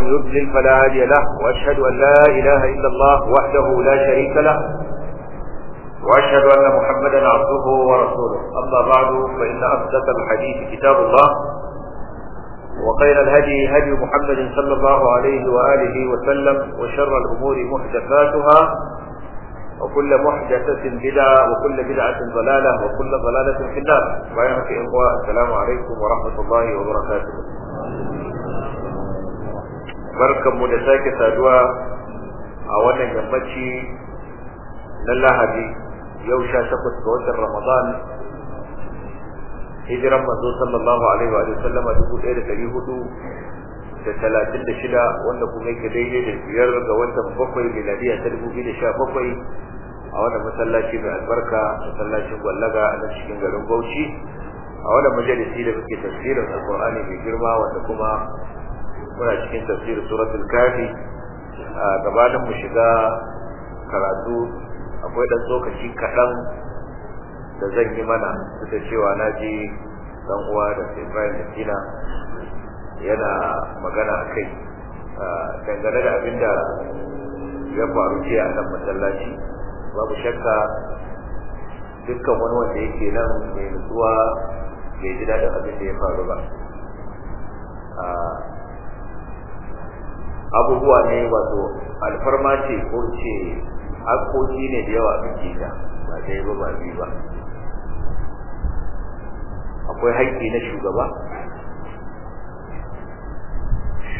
من يضلل فلا هادي له وأشهد أن لا إله إلا الله وحده لا شريك له وأشهد أن محمدا عبده ورسوله أما بعد فإن أصدق الحديث كتاب الله وخير الهدي هدي محمد صلى الله عليه وآله وسلم وشر الأمور محدثاتها وكل محدثة بدعة وكل بدعة ضلالة وكل ضلالة في النار وعليكم السلام عليكم ورحمة الله وبركاته barkanmu da sake saduwa a wannan yammaci na lahadi yau sha takwas ga watan ramadan hijiran manzo sallallahu alaihi wa sallama dubu ɗaya da ɗari hudu da talatin da shida wanda kuma yake daidai da biyar ga watan bakwai miladiya ta dubu biyu da sha bakwai a wannan masallaci mai albarka masallacin gwallaga a nan cikin garin bauchi a wannan majalisi da muke tafsirin alkur'ani mai girma wanda kuma muna cikin tafsirin suratul kafi a gabanin mu shiga karatu akwai dan tsokaci kaɗan da zan yi mana duk da cewa na ji dan uwa da Ibrahim da kina yana magana a kai dangane da abinda ya faru jiya a nan masallaci babu shakka dukkan wani wanda yake nan mai nutsuwa bai ji daɗin abin da ya faru ba abubuwa ne wato alfarma ce ko ce hakoki ne da yawa kake da ba dai ba ba ba akwai haƙƙi na shugaba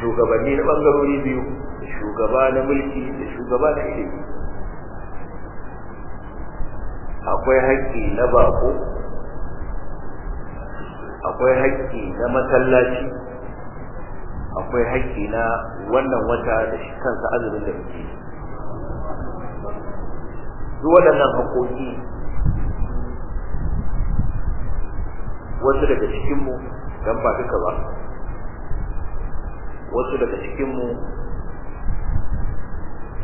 shugabanni na bangarori biyu shugaba na mulki da shugaba na ilimi akwai haƙƙi na bako akwai haƙƙi na masallaci akwai haƙƙi na wannan wata da shi kansa azumin da muke duk waɗannan haƙoƙi wasu daga cikinmu don ba duka ba wasu daga cikinmu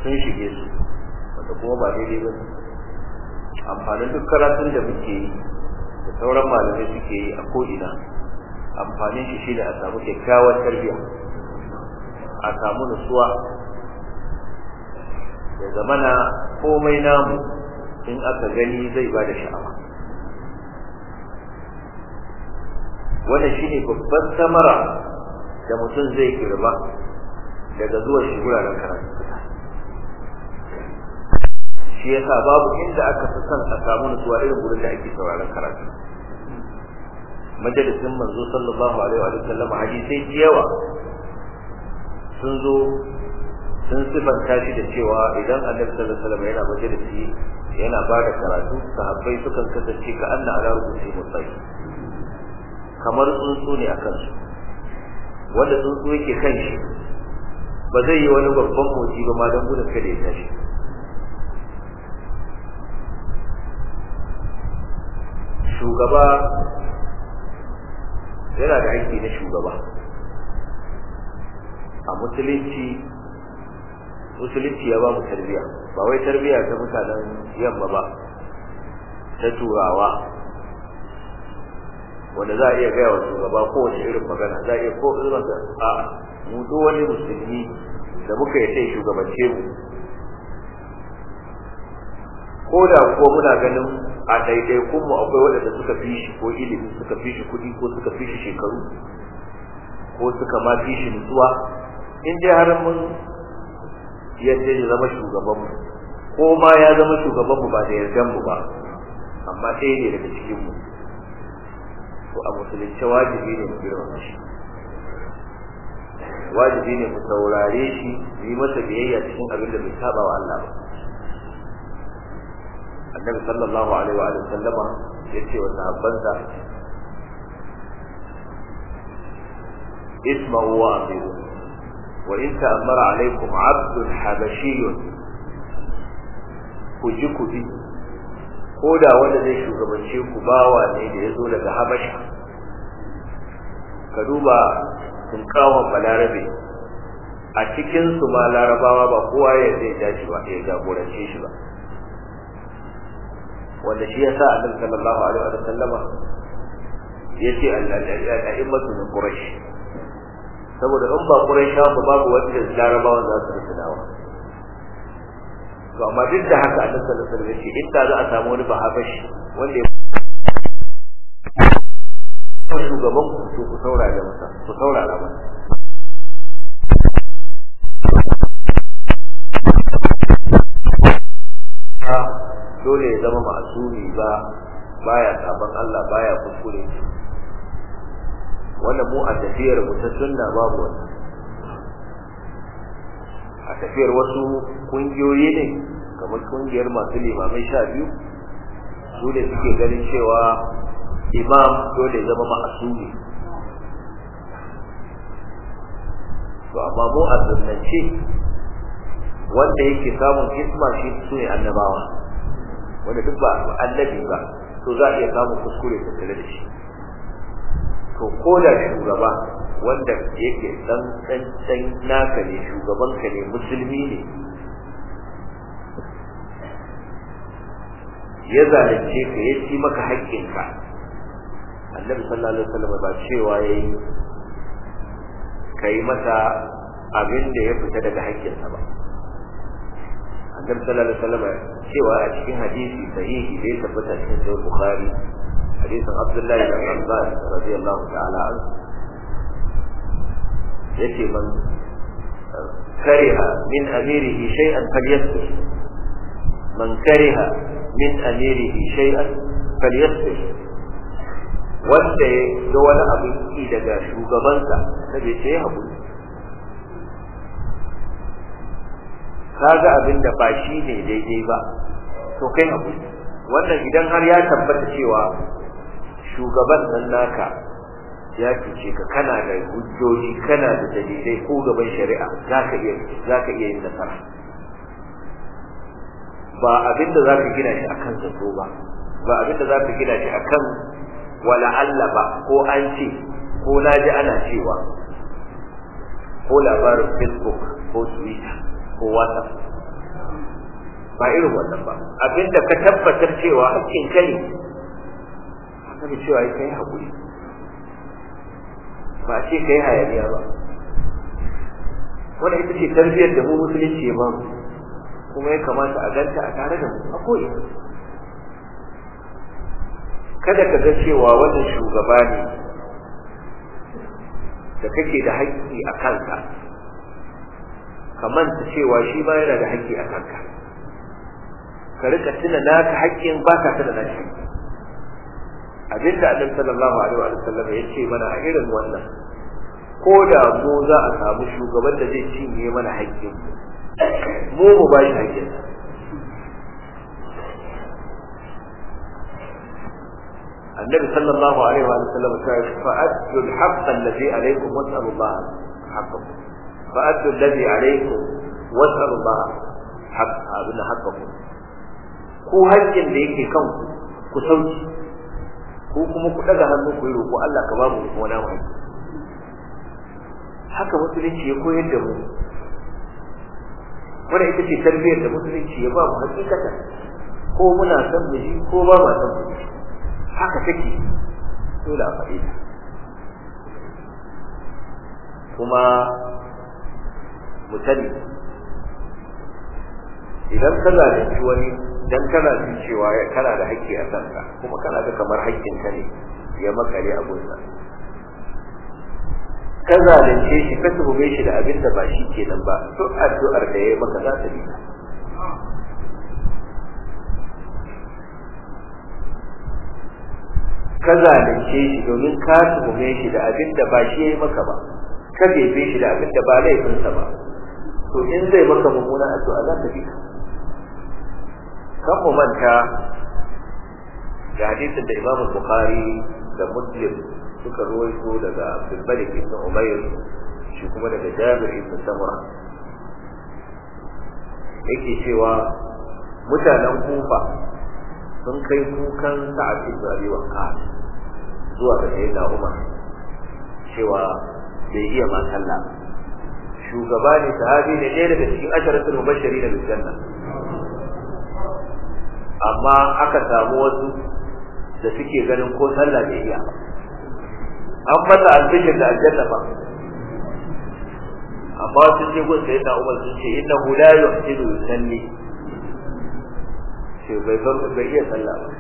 sun shige su wanda kuma ba daidai ba amfanin duk karatun da muke yi da sauran malamai suke yi a ko'ina amfanin shi da a samu kyakkyawar tarbiyya a samu nutsuwa ya zamana komai namu in aka gani zai ba da sha'awa wannan shine babban samara da mutum zai girma daga zuwa shi guraren karatu shi sa babu inda aka fi son a samu nutsuwa irin wurin da ake sauraron karatu majalisin manzo sallallahu alaihi wa sallam hadisi yawa sun zo sun sifanta shi da cewa idan annabi sallallahu alaihi wasallam yana majalisi yana ba da karatu sahabbai sukan kasance ka anna ala rubuti mutsai kamar tsuntsu ne a kansu wanda tsuntsu yake kan shi ba zai yi wani babban motsi ba ma don gudun kada ya tashi shugaba yana da aiki na shugaba a musulunci musulunci ya ba mu tarbiya ba wai tarbiya ta mutanen yamma ba ta turawa wanda za a iya gaya wa shugaba kowace irin magana za a iya ko irin a mu duk wani musulmi da muka yi sai shugabance mu ko da ko muna ganin a daidai kunmu akwai waɗanda suka fi shi ko ilimi suka fi shi kuɗi ko suka fi shi shekaru ko suka ma fi shi nutsuwa in dai har mun yadda ya zama shugaban mu ko ma ya zama shugaban mu ba da yardan mu ba amma sai ne daga cikin mu to a musulunci wajibi ne mu girma shi wajibi ne mu saurare shi yi masa biyayya cikin abin da bai saba wa Allah ba annabi sallallahu alaihi wa sallama yace wa sahabbansa isma'u wa وإن تأمر عليكم عبد حبشي wanda zai كودا ولا زي شغبانشي كباوا نيد يزول لك حبشة كدوبا تنقاوا بالعربي a cikin su ma larabawa ba kowa ya zai dace ba ya jagorance shi ba wanda shi yasa annabi sallallahu alaihi wa sallama yace al-a'immatu min saboda in ba quraisha ba babu wanda larabawa za su rike dawa to amma duk da haka annabi sallallahu alaihi wasallam yace inda za a samu wani bahabashi wanda ya su shugaban ku ku da masa ku da masa dole ya zama ma'asumi ba baya sabon Allah baya kuskure wannan mu a tafiyar mu ta sunna babu wannan a tafiyar wasu kungiyoyi ne kamar kungiyar masu limamai sha biyu su ne suke ganin cewa imam dole zama ma'asumi to amma mu a sunnance wanda yake samun isma shi su ne annabawa wanda duk ba annabi ba to za a iya samun kuskure tattare da shi to ko da shugaba wanda yake dan dan dan naka ne shugaban ka ne musulmi ne ya zalunce ka ya ci maka haƙƙinka annabi sallallahu alaihi wasallam ba cewa yayi kai masa abin da ya fita daga haƙƙinsa ba annabi sallallahu alaihi wasallam cewa a cikin hadisi sahihi da ya tabbata cikin sahih bukhari حديث عبد الله بن عباس رضي الله تعالى عنه يتي من كره من أميره شيئا فليسر من كره من أميره شيئا فليسر wanda ya ga wani abin daga shugabansa na bai ce haƙuri ka ga abin da ba shi ne daidai ba to kai haƙuri wannan idan har ya tabbata cewa shugaban nan naka ya cuce ka kana da hujjoji kana da dalilai ko gaban shari'a zaka iya zaka iya yin nasara ba abinda zaka gina shi akan zato ba ba abinda zaka gina shi akan wala Allah ba ko an ce ko naji ana cewa ko labarin Facebook ko Twitter ko WhatsApp ba irin wannan ba abinda ka tabbatar cewa hakkin ka ne haka cewa ya kai haƙuri ba ce kai hayaniya ba wanda ita ce tarbiyyar da mu musulunci ba kuma ya kamata a ganta a tare da mu a koyi kada ka ga cewa wani shugaba ne da kake da haƙƙi a kanka ka manta cewa shi ba yana da haƙƙi a kanka ka rika tuna naka haƙƙin ba ka tuna nashi Abin da annabi sallallahu alaihi wa sallam ya ce mana a irin wannan ko da mu za a samu shugaban da zai cinye mana haƙƙi mu mu bai haƙƙi annabi sallallahu alaihi wa sallam ya ce fa addu al-haqq alladhi alaykum wa sallallahu haqqakum fa addu alladhi alaykum wa sallallahu haqqakum abin haqqakum ku haƙƙin da yake kanku ku sauki ko kuma ku daga hannu ku yi roƙo Allah ka ba mu wani na haka musulunci ya koyar da mu wannan ita ce tarbiyyar da musulunci ya ba mu hakikata ko muna san mu ko ba ma san mu haka take dole a faɗi kuma mu sani idan ka zalunci wani dan kana jin cewa kana da haƙƙi a kanka kuma kana da kamar haƙƙin ka ne ya makale a gunsa ka zalunce shi ka tuhume shi da abin da ba shi ke nan ba to addu'ar da ya yi maka za ta bi ka zalunce shi domin ka tuhume shi da abin da ba shi ya yi maka ba ka bebe shi da abin da ba laifinsa ba to in zai maka mummuna addu'a za ta bi ka kan mu manta ga hadisin da Imam Bukhari da Muslim suka ruwaito daga Abdul Malik ibn Umayr shi kuma daga Jabir ibn Samura yake cewa mutanen Kufa sun kai kukan Sa'ad ibn Abi Waqqas zuwa ga Sayyidina Umar cewa bai iya ma sallah shugaba ne sahabi ne ɗaya daga cikin asharatul mubashirin bil janna amma aka samu wasu da suke ganin ko sallah da iya an mata albishir da aljanna ba amma sun ce gun sai na umar sun ce inna hu la yuhsinu yusalli ce bai san bai iya sallah ba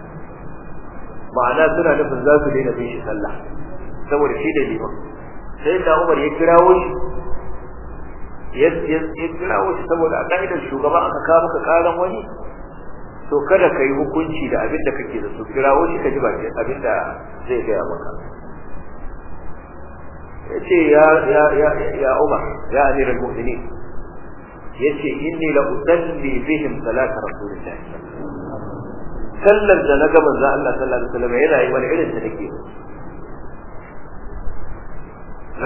ma'ana suna nufin za su daina bin shi sallah saboda shi da liman sai na umar ya kira shi ya kira wani saboda a ka'idar shugaba aka kawo maka karan wani to kada ka yi hukunci da abin da kake da su kira wani ka ji ba abin da zai gaya maka ya ce ya umar ya amiral mu'minin ya ce inni la usalli bihim salata rasulillah sallar da na gaban za Allah sallallahu alaihi wasallam yana yi wani irin da nake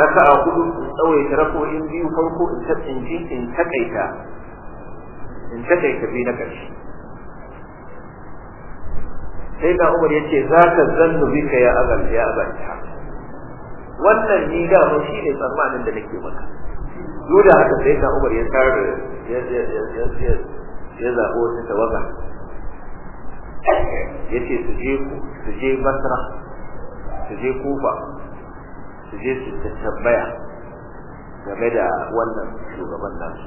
raka'a hudu in tsawaita rako'in biyu farko in in ji in takaita in takaita bi na ƙarshe sai da umar ya ce za ka zannu bika ya abal ya ta wannan ni da mu shi ne tsammanin da nake maka duk da haka sai da umar ya tsara ya ya ya ya ya zabo ta tawaga yace su je ku su je basra su je kufa su je su tabbaya game da wannan shugaban nasu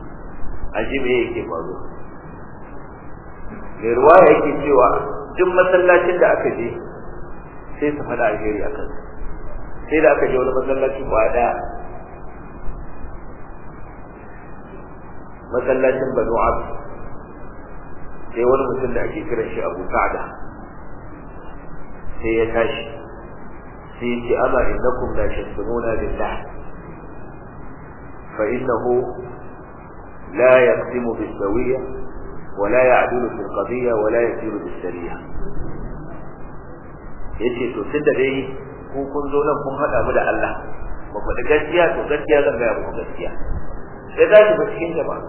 aji me yake faruwa mai ruwa yake cewa duk masallacin da aka je sai su faɗa alheri a kansa sai da aka je wani masallaci ba ɗaya masallacin banu abu sai wani mutum da ake kiran shi abu sa'ada sai ya tashi sai ya ce ama innakum la tasbununa lillah fa innahu la yaqsimu bis sawiyah ولا يعدل في القضية ولا يسير بالسرية yace to tunda dai ku kun zo nan kun hada mu da Allah ba ku da gaskiya to gaskiya zan ga ku gaskiya sai da ku cikin jama'a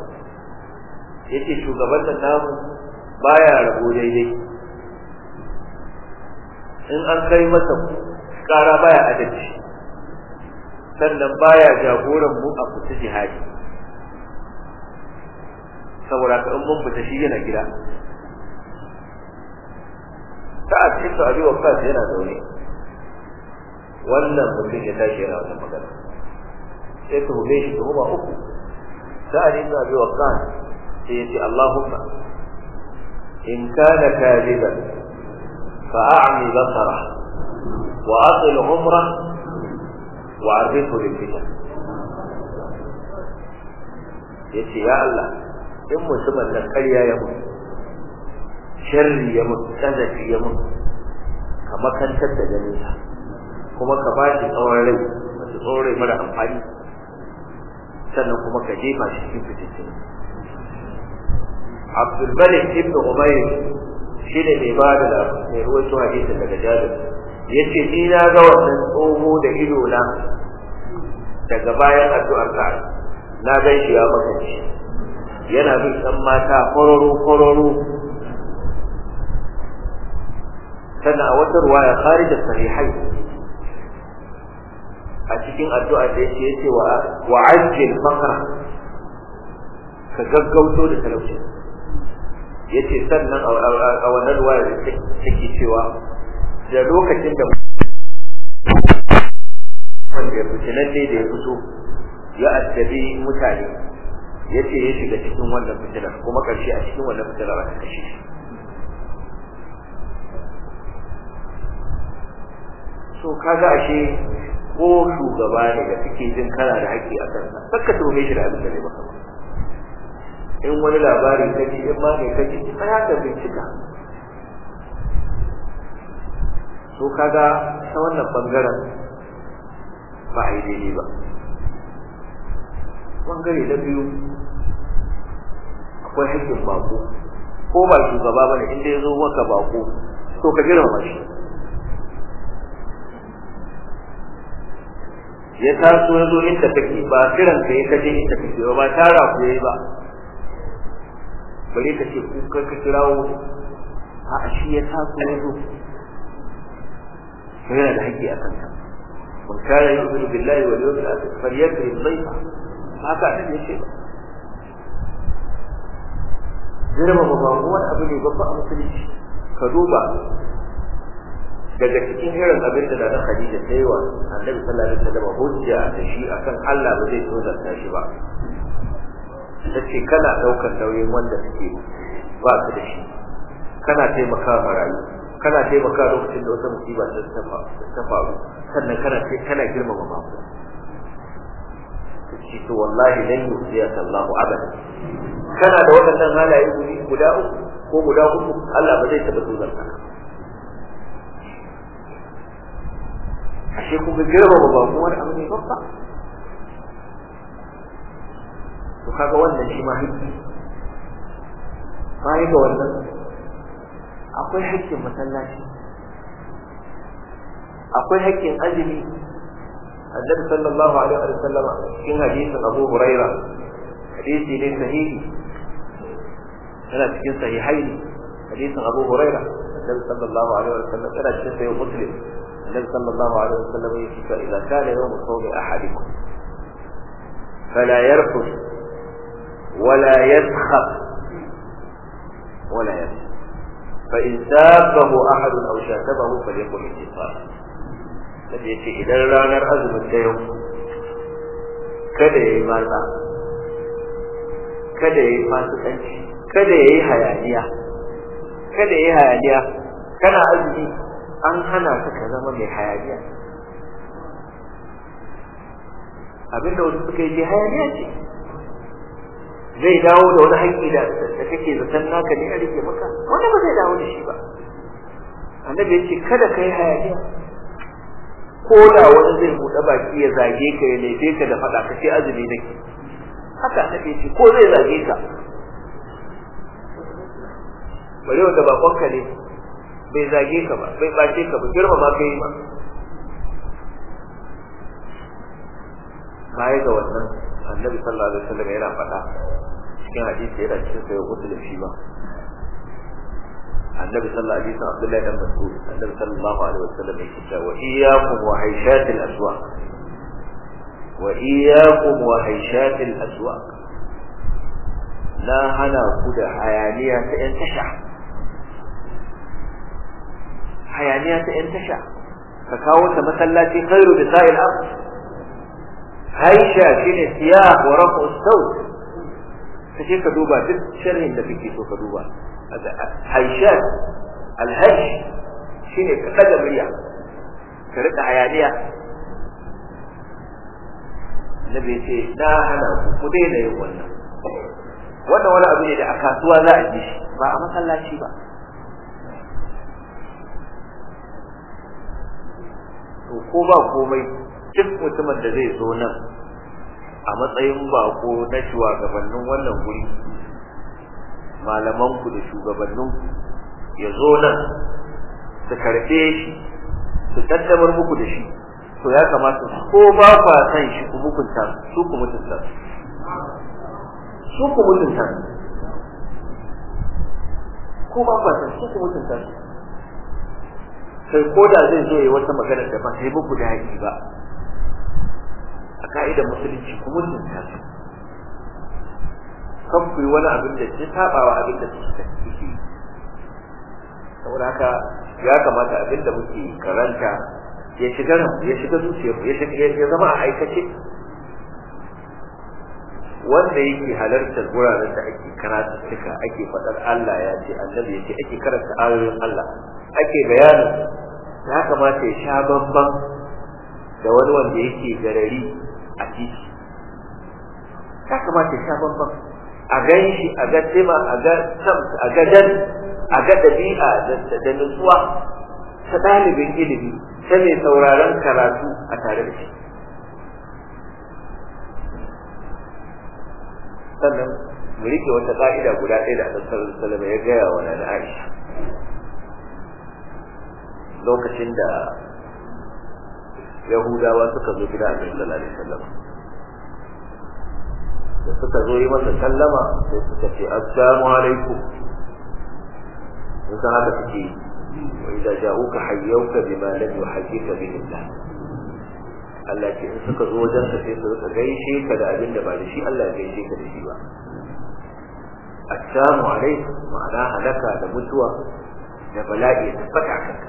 yace shugaban nan namu baya rabo daidai in an kai masa kara baya adalci sannan baya jagoran mu a fita jihadi saboda ka in mun shi yana gida sa'ad ibn abi waqqas yana zaune wannan mutum ya tashi yana wannan magana sai ta hube shi ta huba uku sa'ad ibn abi waqqas sai ya ce Allahumma in kana kadiban fa a'mi basara wa aqil umra wa arifhu lil fitan yace ya Allah in mutumin nan karya ya mutu sharri ya mutu kazafi ya mutu ka makantar da ganin kuma ka ba shi tsawon rai wasu tsawon rai mara amfani sannan kuma ka jefa shi cikin fitattun Abdul Malik ibn shi ne mai ba da mai ruwaito hadisin daga Jabir yace ni na ga wannan tsoho da ido na daga bayan addu'ar ka na gan shi ya makance yana bin ɗan mata kororo kororo sannan a wata ruwaya kari da sahihai a cikin addu'a da yake yace wa wa ajil fakra ka gaggauto da talauci yace sannan a wannan ruwaya da take cewa da lokacin da wanda ya fice lalle da ya fito ya addabi mutane yace ya shiga cikin wannan fitilar kuma karshe a cikin wannan fitilar aka kashe shi so kaga ashe ko shugaba ne da kake jin kana da haƙƙi a kansa sakka tome shi da abin da ba maka in wani labari kaji in ma mai kaji tsaya ka bincika so kaga ta wannan bangaren ba a yi daidai ba bangare na biyu akwai hakkin bako ko ba shugaba bane inda yazo maka bako to ka ba shi ya taso ya zo inda kake ba kiran ka ya kaje inda kake ba tara ku yayi ba bare ka ce ku ka kirawo a shi ya taso ya zo yana da haƙƙi a kanka wa kana yu'minu billahi wal yawmil akhir falyakrib dhayfa haka ne shi ba girma ba wani abu ne babba a musulunci ka duba daga cikin irin abin da na Khadija ta yi wa Annabi sallallahu alaihi wasallam hujja da shi akan Allah ba zai da shi ba ce kana daukar nauyin wanda suke ba su da shi kana taimaka marayu kana taimaka lokacin da wata musiba ta tafa ta faru sannan kana ce kana girmama babu shi to wallahi lan ya sallahu abada kana da wadannan halaye guda uku ko guda uku Allah ba zai taba tozarta ka ashe ku ga girmama wani abu ne babba to kaga wannan shi ma hakki bayan ga wannan akwai hakkin masallaci akwai hakkin azumi النبي صلى الله عليه وسلم في حديث أبو هريرة حديث ليس صحيح هنا في صحيحين حديث أبو هريرة النبي صلى الله عليه وسلم هنا في صحيح مسلم النبي صلى الله عليه وسلم يقول إذا كان يوم صوم أحدكم فلا يرفض ولا يسخط ولا يسخط فإن سابه أحد أو شاتبه فليقل انتصارا annabi ya ce idan ranar azumin ta yau kada ya yi matsa kada ya yi fasikanci kada ya yi hayaniya kada ya yi hayaniya kana azumi an hana ka ka zama mai hayaniya abinda wasu suka yi hayaniya ce zai dawo da wani haƙƙi da kake zaton naka ne a rike maka wani ba zai dawo da shi ba annabi ya ce kada ka yi hayaniya ko da wani zai buɗe baki ya zage ka ya laife ka da faɗa ka ce azumi nake haka take shi ko zai zage ka Bari wanda ba kwanka ne bai zage ka ba bai ɓace ka ba girma ma kai ba baya ga wannan annabi sallallahu alaihi wasallam yana faɗa cikin hadisi yana cikin kusa da shi ba النبي صلى الله عليه وسلم عبد الله بن مسعود النبي صلى الله عليه وسلم يقول وإياكم وهيشات الأسواق وإياكم وهيشات الأسواق لا هنا كد حيانية انتشع حيانية انتشع فكاوت مثلاتي خير نساء الأرض هيشة شين السياح ورفع الصوت فشيك دوبا جد شرهن لفكي سوف دوبا haishan alhaji shi ne ka da murya ka riƙa hayaniya nabi ce na hana ku ku daina yin wannan wannan wani abu ne da a kasuwa za a ji shi ba a masallaci ba to ko ba komai duk mutumin da zai zo nan a matsayin bako na shugabannin wannan guri malamanku da shugabanninku ya zo nan su karɓe shi su kaddamar muku da shi to ya kamata ko ba kwa san shi ku mukunta su ku mutunta su ku mutunta ko ba kwa san su ku mutunta sai ko da zai zo yi wata magana da ba sai muku da haƙi ba a ka'idar musulunci ku mutunta su kan ku wani abin da ke sabawa abin da kuke saboda haka ya kamata abin da muke karanta ya shiga ya shiga zuciyar ya shiga ya zama a aikace wanda yake halartar wuraren da ake karatu suka ake faɗar Allah ya ce annabi ya ce ake karanta ayoyin Allah ake bayanin ya kamata ya sha bambam da wani wanda yake garari a titi ya kamata ya sha bambam a ganshi, shi a ga sima a ga a ga dan a ga dabi'a da nutsuwa ta ɗalibin ilimi ta mai sauraron karatu a tare da shi sannan mu rike wata ƙa'ida guda ɗaya da annabi sallallahu ya gaya wa na Aisha lokacin da Yahudawa suka zo gida a sallallahu alaihi da suka zo yi masa sallama sai suka ce assalamu alaikum sun haka suke wa idza ja'uka hayyuka bima lam yuhayyika bihi Allah Allah ke in suka zo wajen ka sai su rika gaishe ka da abin da ba da shi Allah ya gaishe ka da shi ba assalamu alaikum ma'ana halaka da mutuwa da bala'i da fata kanka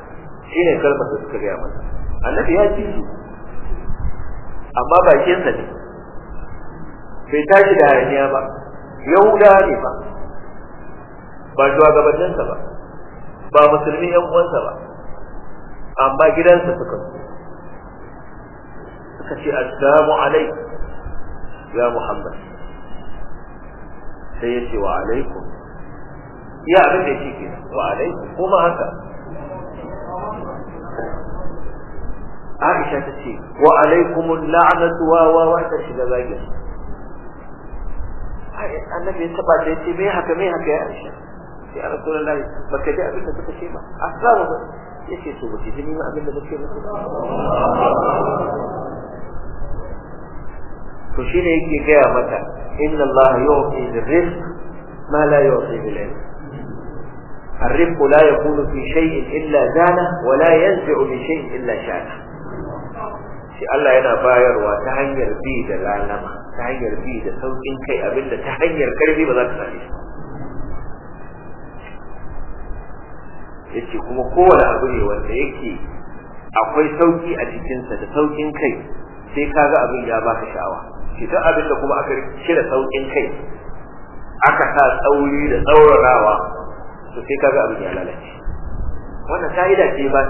shine kalmar da suka gaya masa annabi ya ci su amma bakin sa ne bai tashi da hayaniya ba yahuda ne ba ba shugabanninsa ba ba musulmi yan uwansa ba amma gidansa suka suka ce assalamu alai ya muhammad sai ya ce wa alaikum ya abin da yake kenan wa alaikum kuma haka Aisha ta ce wa alaikum la'natu wa wa wa shiga zagin النبي تبع جيتي ميها كميها كأيش يا رسول الله ما كجاء بنا تكشيمة أحضاره يشي سوبتي جميع ما أمن بكشيمة تشين إيكي جاء متى إن الله يعطي الرزق ما لا يعطي بالعلم الرزق لا يكون في شيء إلا زانه ولا ينزع في شيء إلا شانه shi Allah yana bayarwa ta hanyar bi da lalama ta hanyar bi da saukin kai abinda ta hanyar karfi ba za ta same shi yace kuma kowane abu ne wanda yake akwai sauki a cikinsa da saukin kai sai kaga abin ya baka sha'awa shi duk abin da kuma aka cire saukin kai aka sa tsauri da tsaurarawa to sai kaga abin ya lalace wannan ka'ida ce ba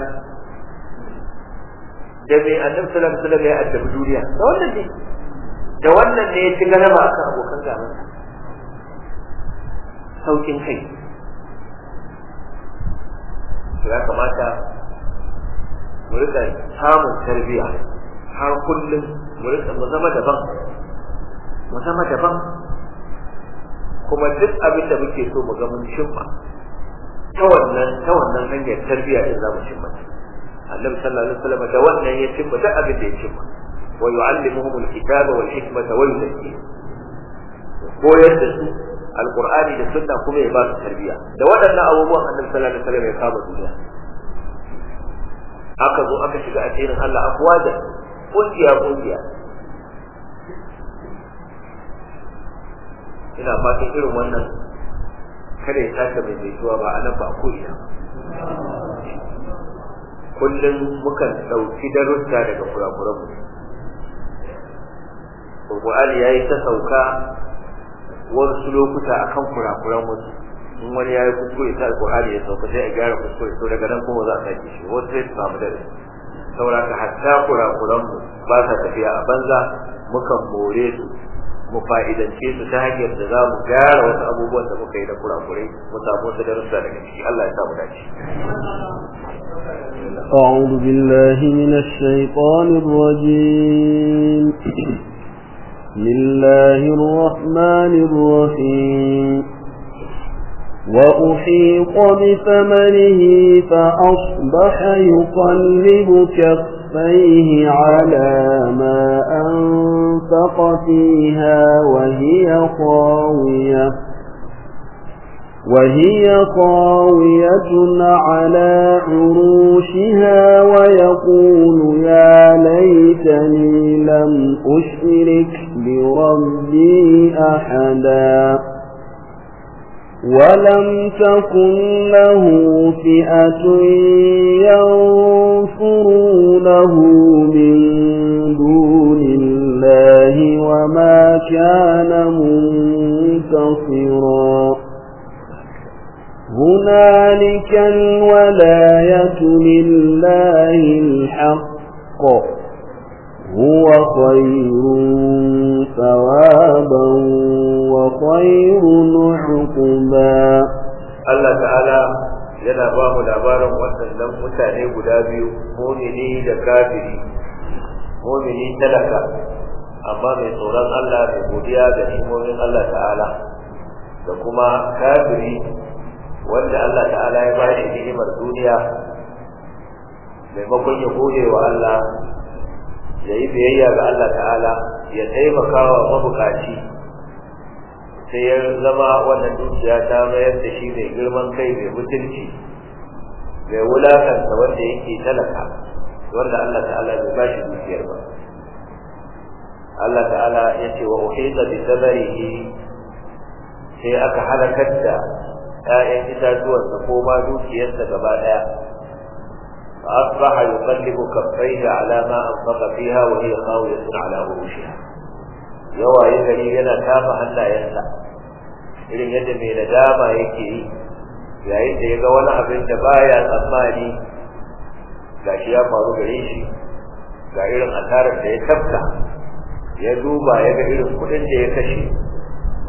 da mai annabi sallallahu alaihi wasallam ya addabi duniya da wannan ne da wannan ne ya ci galaba akan abokan gaban saukin kai ya kamata mu rika samun tarbiyya har kullum mu rika mu zama daban mu zama daban kuma duk abin da muke so mu ga mun shimma ta wannan ta wannan hanyar tarbiya din za mu shimma annabi sallallahu alaihi wasallam da wannan ya cimma duk abin da ya cimma wa yu'allimuhum alkitaba wal hikmata wal tazkiyah koyar da su alqur'ani da sunna kuma ya ba su tarbiya da waɗannan abubuwan annabi sallallahu alaihi wasallam ya kama duniya aka zo aka shiga asirin Allah afwaja kungiya kungiya ina fatan irin wannan kada ya tashi mai mai zuwa ba a nan ba ko ina kullum mukan ɗauki darussa daga kurakuran mu Qur'ani yayi ta sauka wasu lokuta akan kurakuran wasu in wani yayi kuskure ta Qur'ani ya sauka sai a gyara kuskure to daga nan kuma za a sake shi wasu sai su samu darasi saboda hatta kurakuran mu ba sa tafiya a banza mukan more su mu fa'idance su ta hanyar da za mu gyara wasu abubuwan da muka yi da kurakurai mu samu wasu darussa daga ciki Allah ya sa mu dace أعوذ بالله من الشيطان الرجيم بسم الرحمن الرحيم وأحيط بثمره فأصبح يقلب كفه كفيه على ما أنفق فيها وهي خاوية وهي خاوية على عروشها ويقول يا ليتني لم أشرك بربي أحدا ولم تكن له فئة له yana ba mu labarin waɗannan mutane guda biyu mumini da kafiri mumini talaka amma mai tsoron Allah mai godiya da himomin Allah ta'ala da kuma kafiri wanda Allah ta'ala ya ba shi ni'imar duniya maimakon ya gode wa Allah ya yi biyayya ga Allah ta'ala ya taimaka wa mabukaci sai ya zama wannan dukiya ta mayar da shi mai girman kai mai mutunci mai wulakanta wanda yake talaka wanda Allah ta'ala bai ba shi dukiyar ba Allah ta'ala ya ce wa uhita bi sabarihi sai aka halakar da ƴaƴan itatuwansa ko ma dukiyarsa gaba ɗaya فأصبح يقلب كفيه على ما أنفق فيها وهي خاوية على عروشها yawa ya gari yana kama hannayensa irin yadda mai nadama yake yi yayin da ya ga wani abin da baya tsammani ga shi ya faru gare shi ga irin asarar da ya tafka ya duba ya ga irin kuɗin da ya kashe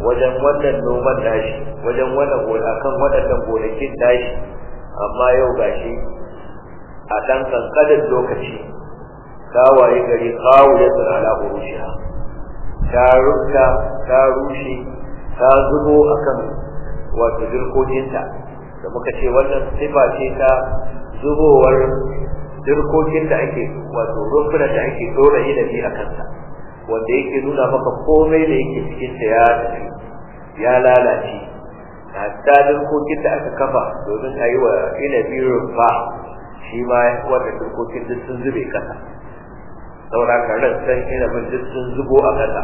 wajen wannan noman nashi wajen wannan gona kan waɗannan gonakin nashi amma yau ga shi a ɗan kankanin lokaci kawaye gari kawo ya tsira ala ta rufta ta rushe ta zubo a kan wato jirkokinta da muka ce wannan sifa ce ta zubowar jirkokin da ake wato rumfunan da ake da ilimi a kansa wanda yake nuna maka komai da yake cikin ta ya tafi ya lalace hatta jirkokin da aka kafa domin a yi wa ilimi rumfa shi ma wata jirkokin duk sun zube kasa saura ka ran san ilimin duk sun zubo a kasa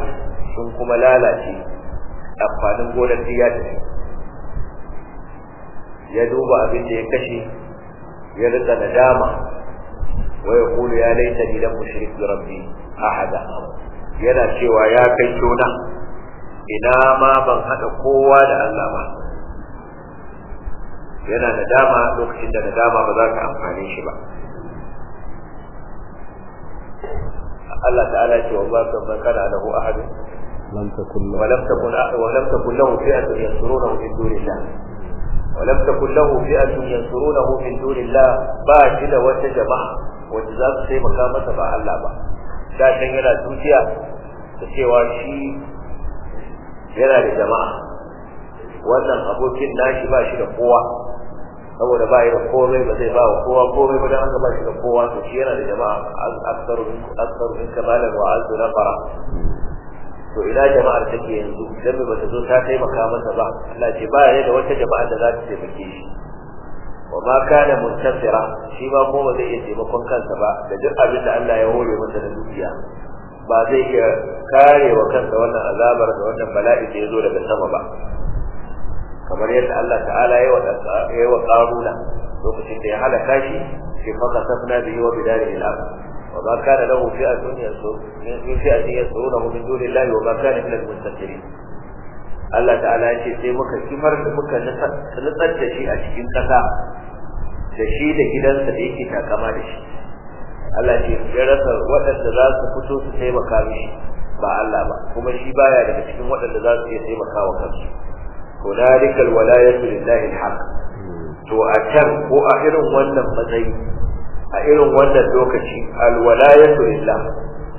sun kuma lalace amfanin gonar ya tafi ya duba abin da ya kashe ya rika nadama wa ya kulu ya laita ni lam ushrik bi rabbi ahada yana cewa ya kai tona ina ma ban hada kowa da Allah ba yana nadama lokacin da nadama ba za ka amfane shi ba Allah ta'ala ce wa ba ka man kana lahu لم تكن ولم تكن ولم تكن له فئة ينصرونه من دون الله ولم تكن له فئة ينصرونه من دون الله باجل وتجمع وجزاء سي الله با yana zuciya da cewa shi yana da jama'a wannan abokin nashi ba shi da kowa saboda ba da komai ba zai ba wa kowa komai ba dan an ba shi da kowa to shi yana da jama'a aktaru aktaru min kamalan wa azu nafara to ina jama'ar take yanzu dan ba ta zo ta taimaka masa ba Allah ce ba ya da wata jama'a da za ta taimake shi wa ma kana muntasira shi ba ko ba zai iya taimakon kansa ba da duk abin da Allah ya hore masa da dukiya ba zai iya kare wa kansa wannan azabar da wannan bala'i da ya zo daga sama ba kamar yadda Allah ta'ala ya wa ya wa lokacin da ya halaka shi ke faka safna bihi wa bidarihi al-ardh وما كان له فئة من فئة يسرونه من دون الله وما كان من المستكبرين Allah ta'ala ya ce sai muka kifar da muka nutsar da shi a cikin ƙasa da shi da gidansa da yake takama da shi Allah ce ya rasa waɗanda za su fito su taimaka mishi ba Allah ba kuma shi baya daga cikin waɗanda za su iya taimaka wa kansu hunalikal walayatu lillahi alhaq to a can ko a irin wannan matsayi a irin wannan lokaci alwalayatu lillah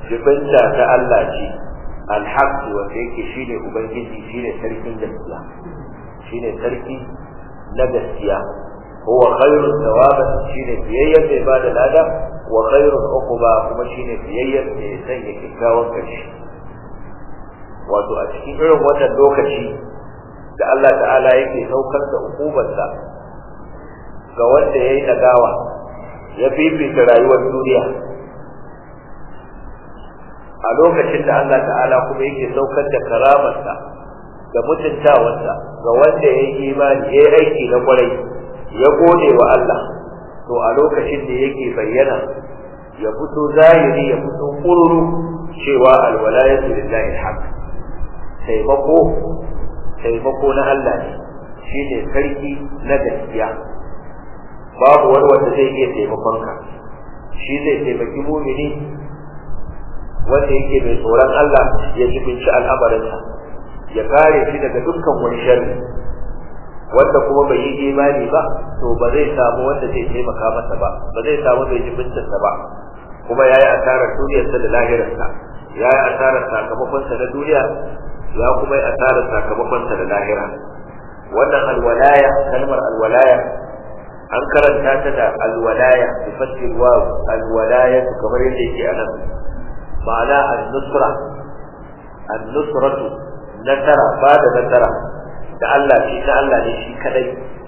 jibinta ta Allah ce alhaq wanda yake shine ubangiji shine sarkin gaskiya shine sarki na gaskiya huwa khairu thawaban shine biyayya da ibada lada wa khairu uquba kuma shine biyayya da sanya kikkawan kashi wato a cikin irin wannan lokaci da Allah ta'ala yake saukar da hukumarsa ga wanda yayi dagawa ya fifita rayuwar duniya a lokacin da Allah ta'ala kuma yake saukar da karamarsa da mutuntawarsa ga wanda ya yi imani ya yi aiki na kwarai ya gode wa Allah to a lokacin da yake bayyana ya fito zahiri ya fito kururu cewa alwalayatu lillahi alhaq taimako taimako na Allah ne shine sarki na gaskiya babu wani wanda zai iya taimakon ka shi zai taimaki mumini wanda yake mai tsoron Allah ya jibinci al'amarinsa ya kare shi daga dukkan wani sharri wanda kuma bai yi imani ba to ba zai samu wanda zai taimaka masa ba ba zai samu mai jibincinsa ba kuma yayi asarar duniyarsa da lahirarsa yayi asarar sakamakonsa na duniya ya kuma yi asarar sakamakonsa da lahira wannan alwalaya kalmar alwalaya an karanta ta da alwalaya bi fatil waw alwalaya kamar yadda yake anan ma'ana an-nusra an-nusratu nasara ba da nasara da Allah shi ta Allah ne shi kadai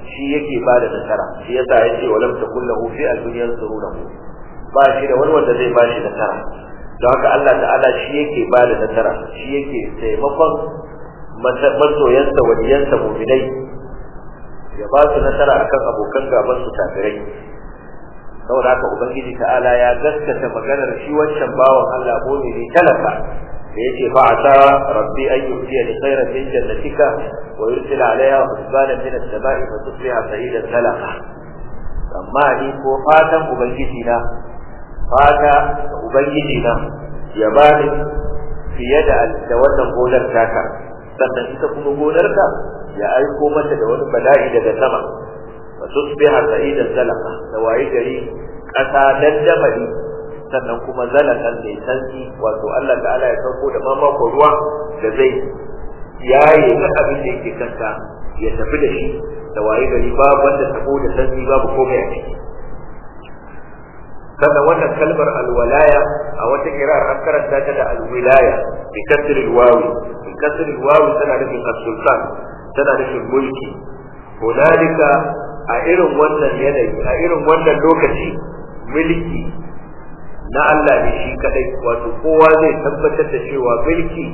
shi yake ba da nasara shi yasa yake walam takul lahu fi al-dunya sururuhu ba shi da wani wanda zai ba shi nasara don haka Allah ta'ala shi yake ba da nasara shi yake taimakon masoyansa waliyansa mu'minai ya ba su nasara akan abokan gaban su kafirai saboda haka ubangiji ta'ala ya gaskata maganar shi wancan bawan Allah mu'mini talaka da yace fa ata rabbi an yufiya li khairin min jannatika wa yursil alaiha husbanan min as-sama'i fa tusbiha sayyidan talaka amma ni ko fatan ubangiji na fata ubangiji na ya bani fiye da da wannan gonar taka sannan ita kuma gonarka ya aiko mata da wani bala'i daga sama fa tusbiha sa'idan zalaka da waye gari kasa dandamali sannan kuma zalakan mai santi wato Allah ta'ala ya sauko da mamakon ruwa da zai yaye na abin da yake kanta ya tafi da shi da waye gari babu wanda tabo da santi babu komai a ciki sannan wannan kalmar alwalaya a wata kirar an karanta ta da alwilaya bi kasri alwawi kasar wawu tana nufin asultan tana nufin mulki hunalika a irin wannan yanayi a irin wannan lokaci mulki na Allah ne shi kadai wato kowa zai tabbatar da cewa mulki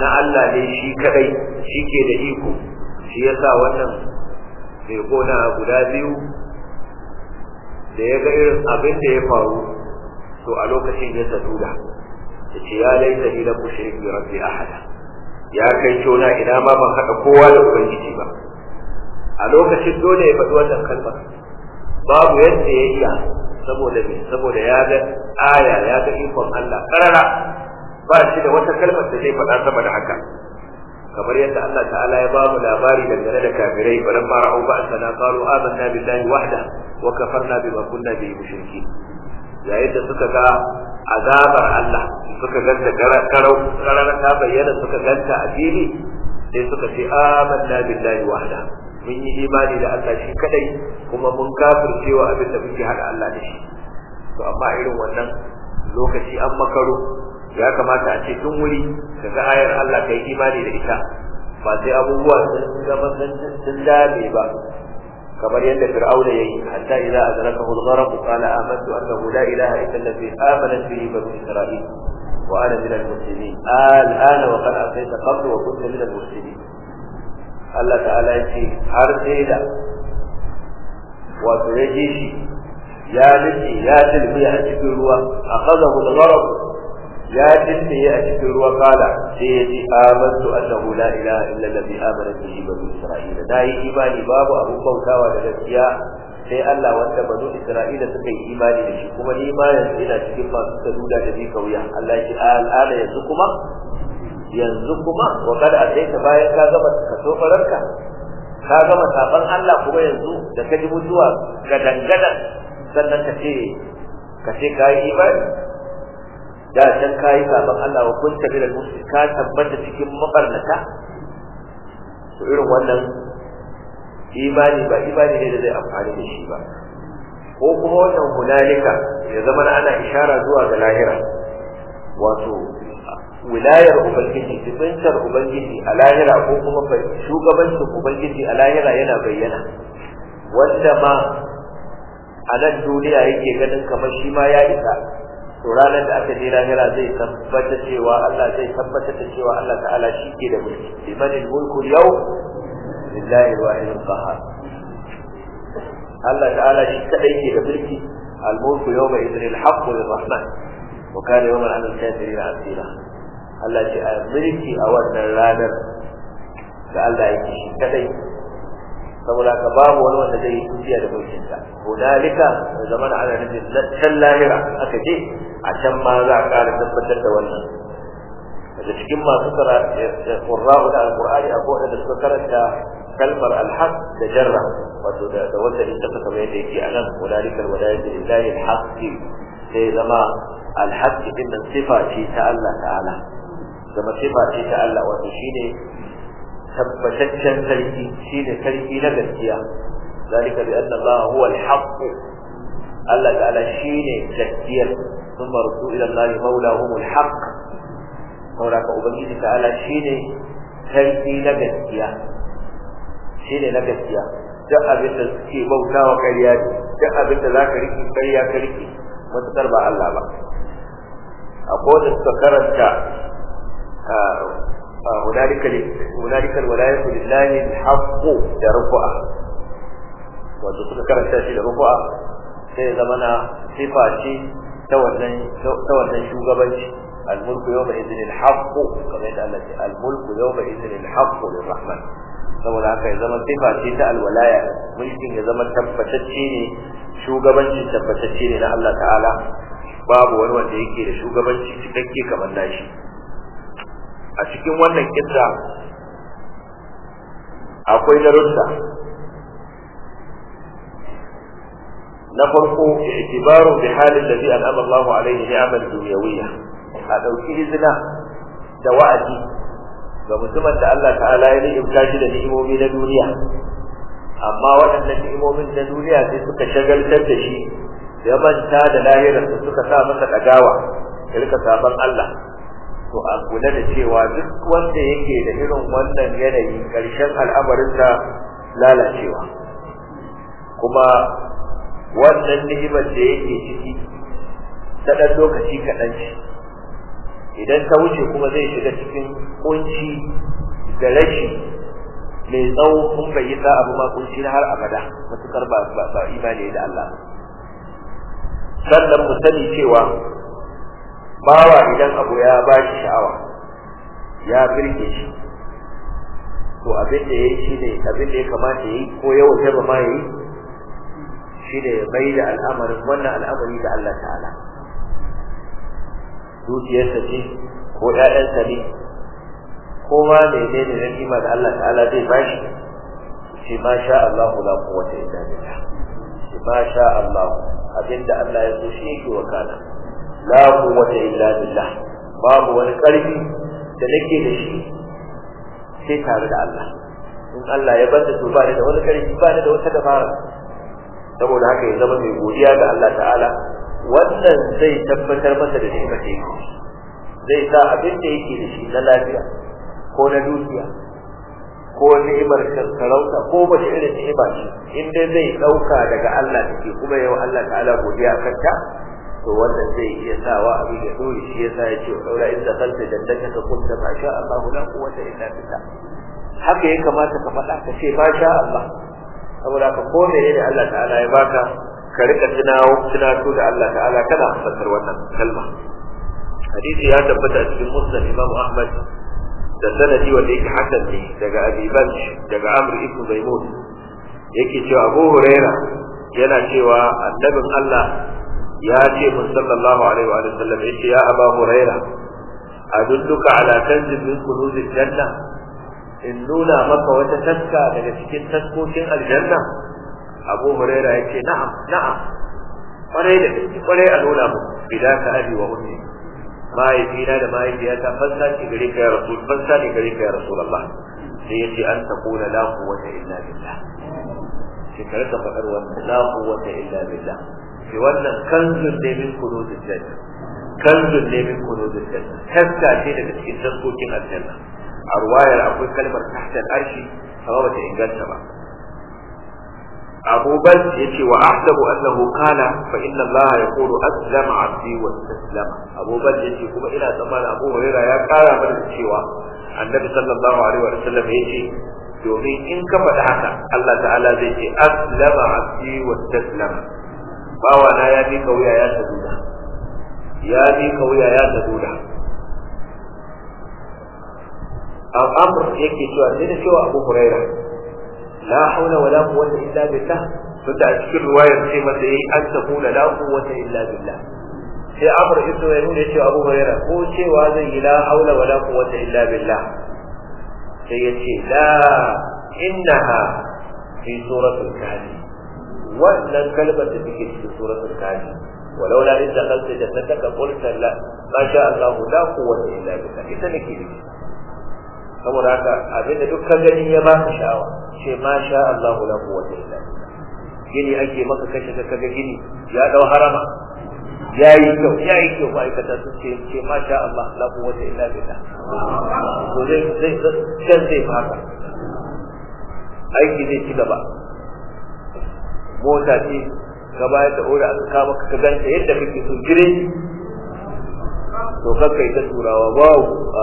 na Allah ne shi kadai shi ke da iko shi sa wannan mai gona guda biyu da ya ga irin abin da ya faru to a lokacin ya saduda ya ce ya laita ni la mushrik bi rabbi ahada ya kai tona ina ma ban haɗa kowa da ubangiji ba a lokacin dole ya faɗi wannan kalmar babu yadda ya iya saboda me saboda ya ga aya ya ga ikon Allah karara ba shi da wata kalmar da zai faɗa sama da haka kamar yadda Allah ta'ala ya bamu labari dangane da kafirai balan ma ra'u ba'sana qalu amanna billahi wahda wa kafarna bima kunna bihi mushrikeen yayin da suka ga azabar Allah suka ganta karau karar ta bayyana suka ganta a fili sai suka ce amanna billahi wahda mun yi imani da Allah shi kadai kuma mun wa abin da muke hada Allah da shi to amma irin wannan lokaci an makaro ya kamata a ce tun wuri ga ayar Allah kai imani da ita ba sai abubuwa sun zama sun dame ba kamar yadda fir'auna yayi hatta idza adrakahu al-gharq qala amantu annahu la ilaha illa alladhi amanat bihi banu isra'il wa ana min al-muslimin al-ana wa qad asayta qablu wa kuntu min al-muslimin Allah ta'ala yace har sai da wato yaji shi ya nufi ya tilbi a cikin ruwa akhadahu al-gharq ya tintaye a cikin ruwa kala sai ya ce amantu annahu la ilaha illa allazi amana bihi banu isra'ila da yi imani babu abun bautawa da gaskiya sai Allah wanda banu isra'ila suka yi imani da shi kuma imanin yana cikin masu saluda da bika wuya Allah ya ce al'ada yanzu kuma yanzu kuma wa kad ataita bayan ka gama kaso fararka ka gama saban Allah kuma yanzu da ka ji mutuwa gadangadan sannan ka ce ka ce ka yi imani da can kai saban Allah wa kunta bil musu ka tabbata cikin mabarnata to irin wannan imani ba imani ne da zai amfani da shi ba ko kuma wannan hunalika ya zama ana ishara zuwa ga lahira wato wilayar ubangiji jibintar ubangiji a lahira ko kuma shugabancin ubangiji a lahira yana bayyana wanda ma a nan duniya yake ganin kamar shi ma ya isa to ranar da aka je lahira zai tabbata cewa Allah zai tabbata da cewa Allah ta'ala shi ke da mulki liman mulku yau lillahi wahid qahar Allah ta'ala shi kadai ke da mulki al-mulku yawma idrin al-haqq lir-rahman wa kana yawman 'ala al-kafirin 'asira Allah ce a mulki a wannan ranar da Allah yake shi kadai saboda ka babu wani wanda zai yi kuciya da mulkin ta hunalika zaman ana nufin lattan lahira aka ce a can ma za a ƙara tabbatar da wannan daga cikin masu ƙurra'u da alƙur'ani a kowane da suka karanta kalmar alhaq da jarra wato da wanda in ta kasa yadda yake a nan da hunalika alwalayatu lillahi alhaqi sai zama alhaqi din nan sifa ce ta Allah ta'ala zama sifa ce ta Allah wato shine tabbataccen sarki shine sarki na gaskiya zalika bi anna Allah huwa al-haqq Allah ta'ala shine gaskiya thumma rusul ila Allah mawlahum al-haqq sauraka ubangiji ta'ala shine sarki na gaskiya shine na gaskiya duk abin da suke wa ƙarya ne duk abin da zaka riki ƙarya ka riki matakar ba Allah ba akwai da suka karanta ah, هنالك هنالك الولاية لله الحق ده رفعة wanda suka karanta shi da rufa sai zamana sifa ce ta ta wannan shugabanci al-mulku yawma idhin al-haqq da Allah ya al-mulku yawma idhin al-haqq lir-rahman saboda haka ya zama sifa ta al-walaya mulkin ya zama tabbatacce ne shugabanci tabbatacce ne na Allah ta'ala babu wani wanda yake da shugabanci cikakke kamar shi. a cikin wannan kissa akwai darussa na farko i'tibaru bi halin ladhi an'ama Allahu alayhi ni'amal dunyawiyya a dauki izina da wa'azi ga mutumin da Allah ta'ala ya ni'imta shi da ni'imomi na duniya amma waɗannan ni'imomin na duniya sai suka shagaltar da shi ya manta da lahirarsa suka sa masa ɗagawa ya rika sabon Allah to a kula da cewa duk wanda yake da irin wannan yanayi karshen al'amarinsa lalacewa kuma wannan ni'imar da yake ciki ta ɗan lokaci kaɗan ce idan ta wuce kuma zai shiga cikin kunci da rashi mai tsawo kun bai yi abu ma kunci har abada matukar ba ba imani da Allah sannan mu sani cewa bawa idan abu ya bashi sha'awa ya birge shi to abin da ya yi shi ne abin da ya kamata ya yi ko yau ya wajaba ma ya yi shi ne bai da al'amarin wannan al'amari da Allah ta'ala dukiyarsa ce ko ‘ya'yansa ne ko ma mene ne na kima da Allah ta'ala zai bashi shi ma sha Allah la quwwata illa billah shi ma sha Allah abinda Allah ya so shi yake wakana la quwwata illa billah babu wani karfi da nake da shi sai tare da Allah in Allah ya bada to ba da wani karfi ba da wata dabara saboda haka ya zama mai godiya ga Allah ta'ala wannan zai tabbatar masa da ni'imar da yake zai sa abin da yake da shi na lafiya ko na dukiya ko ni'imar karkarauta ko ba shi irin ni'ima ce in dai zai dauka daga Allah take kuma yau Allah ta'ala godiya a kanta to wanda zai iya sawa a ya dore shi yasa ya ce daura inda kalta jannata ka kunta ma sha Allah la quwwata illa billah haka ya kamata ka faɗa ka ce ba sha Allah saboda ka ko ne da Allah ta'ala ya baka ka rika tunawo tunato da Allah ta'ala kana fassar wannan kalma hadisi ya tabbata a cikin musnad Imam Ahmad da sanadi wanda yake hasan ne daga Abi Bakr daga Amr ibn Maimun yake cewa Abu Huraira yana cewa annabin Allah ya ce mun sallallahu alaihi wa sallam yace ya aba huraira adulluka ala kanzin min kunuzil janna in nuna maka wata taska daga cikin taskokin aljanna abu huraira yace na'am na'am kwarai da gaske kwarai a nuna mu Bida ka abi wa ummi mahaifina da mahaifiyata fansa ce gare ka ya rasul fansa ne gare ka ya rasulullah sai ce an taqula la quwwata illa billah shekarar da faɗar wannan la quwwata illa billah ce wannan kanzun ne min kunuzul janna kanzun ne min kunuzul janna taska ce daga cikin taskokin aljanna a ruwayar akwai kalmar tahta al-arshi amma bata inganta ba Abu ya ce wa ahsabu annahu qala fa inna Allah yaqulu aslama 'abdi wa istaslama Abu Bakr yace kuma ina tsammanin Abu Hurairah ya kara mana cewa Annabi sallallahu alaihi wa sallam ya yace domin in ka faɗi haka Allah ta'ala zai ce aslama 'abdi wa istaslama bawa na ya bi kauya ya saduda ya bi kauya ya saduda al'amr yake cewa sai da cewa abu huraira la haula wala quwwata illa billah tunda a cikin ruwayar sai masa yayi an ta taqula la quwwata illa billah sai amr ibnu ya nuna cewa abu huraira ko cewa zai yi la haula wala quwwata illa billah sai ya ce la innaha fi suratul kahfi wannan kalmar da take cikin suratul kafi ولولا إذ دخلت جنتك قلت لا ما شاء الله لا قوة إلا بالله إذا نكي saboda haka abin da dukkan gani ya ba ka sha'awa ce ma sha Allah! la quwwata illa gini ake maka kashe ka kaga gini ya dau harama yayi kyau yayi kyau ba aikata su ce ce ma sha Allah la quwwata illa billah to zai zai zai haka aiki zai ci gaba mota ce ka bayar da ori a kama ka ka ganta yadda kake so gire to kakka ita turawa bawu a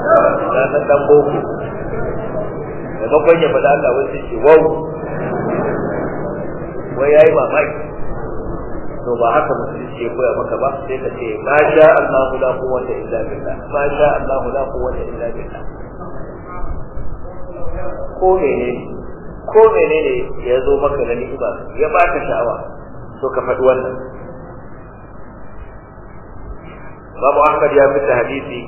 na dan boko da makon ya faɗa Allah wasu ce wau. wai yayi mamaki to ba haka musulunci ya koya maka ba sai ka ce ma sha Allah la quwwata illa billah ma sha Allah la quwwata illa billah ko ne ko menene ya zo maka da ni'ima ya baka sha'awa to ka faɗi wannan Babu Ahmad ya fita hadisi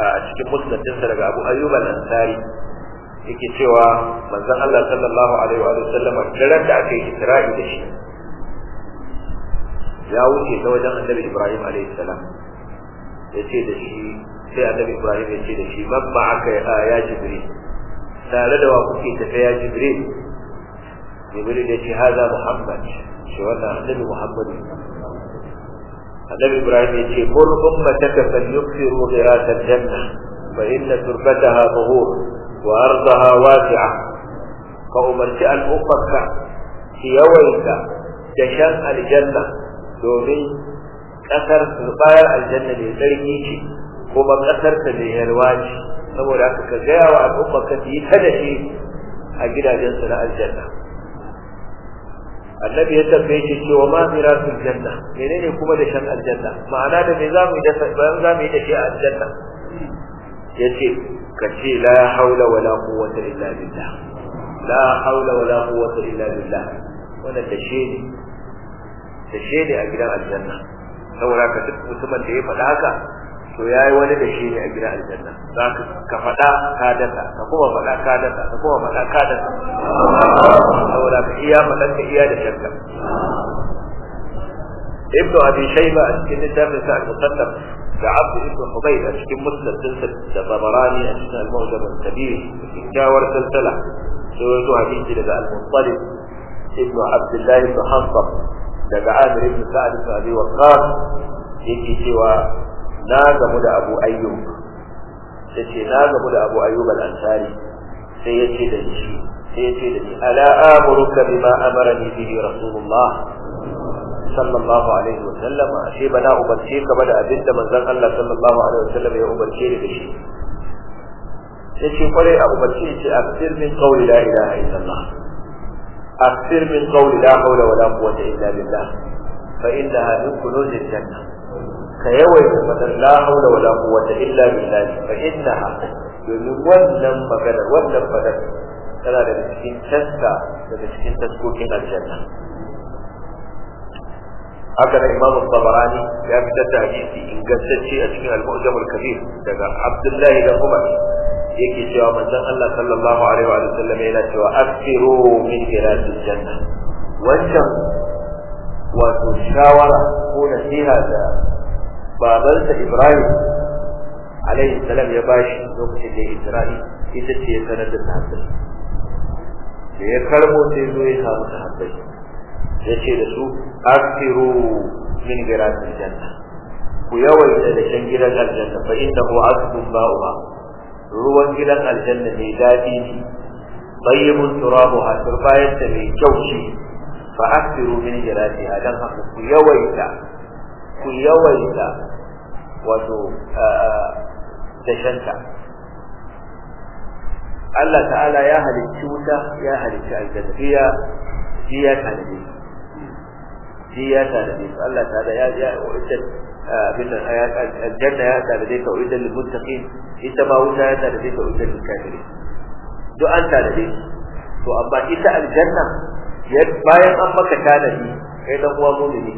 a cikin musnadin sa daga Abu Ayyub al-Ansari yake cewa manzon Allah sallallahu alaihi wa sallam daren da aka yi Isra'i da shi ya wuce ta wajen Annabi Ibrahim alaihi salam yace da shi sai Annabi Ibrahim yace da shi man ma'aka ya Jibril tare da wa kuke tafiya jibril jibril ya ce haza muhammad shi wannan annabi muhammad annabi ibrahim ya ce mur ummataka falyuksiru qiratan janna fa inna turbataha tahur wa ardaha wasi'a ka umarci al'ummarka su yawaita da shan aljanna domin kasar turbayar aljanna mai tsarki ce kuma kasar ta mai yalwa ce saboda haka ka gaya wa al'umma ka yi ta da shi a gidajensu na aljanna annabi ya tambaye shi cewa ma mirasul janna menene kuma da shan aljanna ma'ana da me zamu yi da bayan zamu yi da shi a aljanna Ya ce. ka ce la haula wala quwwata illa billah la haula wala quwwata illa billah wannan da shi ne da shi ne a gidan aljanna saboda ka duk mutumin da ya faɗa haka to yayi wani da shi ne a gidan aljanna za ka faɗa ka dasa ka kuma faɗa ka dasa ka kuma faɗa ka dasa saboda ka iya faɗan ka iya da shakka ibnu abi shayba a cikin littafin sa al-muqaddam da abdu ibnu hubayb a cikin musnad dinsa da tabarani a cikin al-mawjam al-kabir cikin jawar salsala sai wato hadisi daga al-muttalib ibnu abdullah ibn hanbal daga amir ibn sa'd ibn abi waqqas yake cewa na gamu da abu ayyub ya ce na gamu da abu ayyub al-ansari sai ya ce da shi sai ya ce da ni ala amuruka bima amarani bihi rasulullah sallallahu alaihi wa sallama ashe ba na umarce ka ba da abin da manzon Allah sallallahu alaihi wa sallam ya umarce ni da shi yace kwarai a umarce yace aksir min qawli la ilaha illallah aksir min qawli la hawla wala quwwata illa billah fa innaha min kunuzil jannah ka yawaita fadar la haula wala quwwata illa billah fa innaha domin wannan magana wannan fadar tana daga cikin taska daga cikin taskokin aljanna haka da imam tabarani ya fitar da hadisi ingantacce a cikin al-mu'jam al-kabir daga abdullahi da umar yake cewa manzon Allah sallallahu alaihi wa sallam yana cewa aksiru min qiratil janna wancan wato shawara ko nasiha da babansa Ibrahim alaihi salam ya bashi lokacin da Isra'i ita ce ya sanar da sahabbai da ya karbo sai zo ya samu ta sahabbai ya ce da su aksiru min girasin janna ku yawaita da shan gidan aljanna fa innahu asbun ba'uha ruwan gidan aljanna mai daɗi ne tayyibun turabuha turbayar da mai kyau ce fa aksiru min girasiha dan haka ku yawaita ku yawaita wato dashanta Allah ta'ala ya halicci wuta ya halicci aljanna iya iya tanade iya tanade Allah ta'ala ya ya wuta bin aljanna ya tanade ka wuta lil muttaqin ita ba wuta ya tanade ka wuta lil kafirin duk an tanade to amma ita aljanna bayan an maka tanadi kai dan uwa mu'mini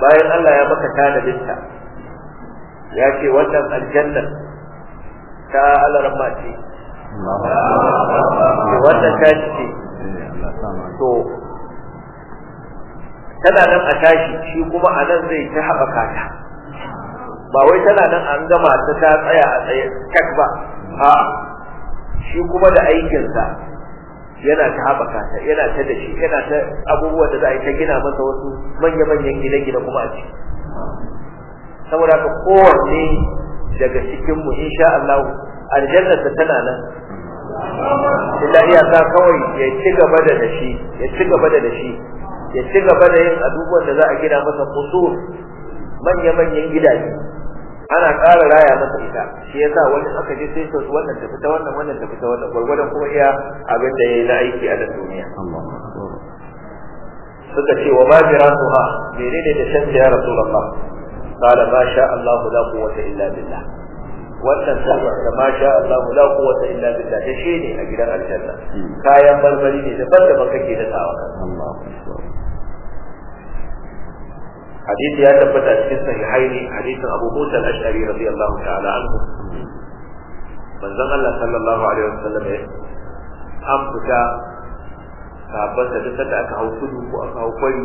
bayan Allah ya maka tanadin ta ya ce wannan aljannar ta alarma ce wannan ta ce to tana nan a tashi shi kuma a nan zai ta haɓaka ta ba wai tana nan an gama ta ta tsaya a tsaye kak ba a shi kuma da aikinsa yana ta haɓaka kata yana ta da shi yana ta abubuwan da za a yi ta gina masa wasu manya-manyan gine-gine kuma a ciki saboda ka kowanne daga cikin mu insha Allah aljanna tana nan illa iya ka kawai ya ci gaba da dashi ya ci gaba da dashi ya ci gaba da yin abubuwan da za a gina masa kusur manya-manyan gidaje ana ƙara raya masa ita shi yasa wani aka je sai su wannan tafi ta wannan wannan tafi ta wannan gwargwadon kuma iya abin da yayi na aiki a da duniya suka ce wa ma jiratuha menene da shan ya rasulullah قال ما شاء الله لا قوة إلا بالله wannan sabon da ma sha Allah la quwwata illa billah da shi ne a gidan aljanna kayan marmari ne daban-daban kake da tawa hadisi ya tabbata cikin sahihaini hadisin Abu Musa al-Ash'ari radiyallahu ta'ala anhu manzon Allah sallallahu alaihi wasallam an fita sabon da duka da aka hau tudu ko aka hau kwari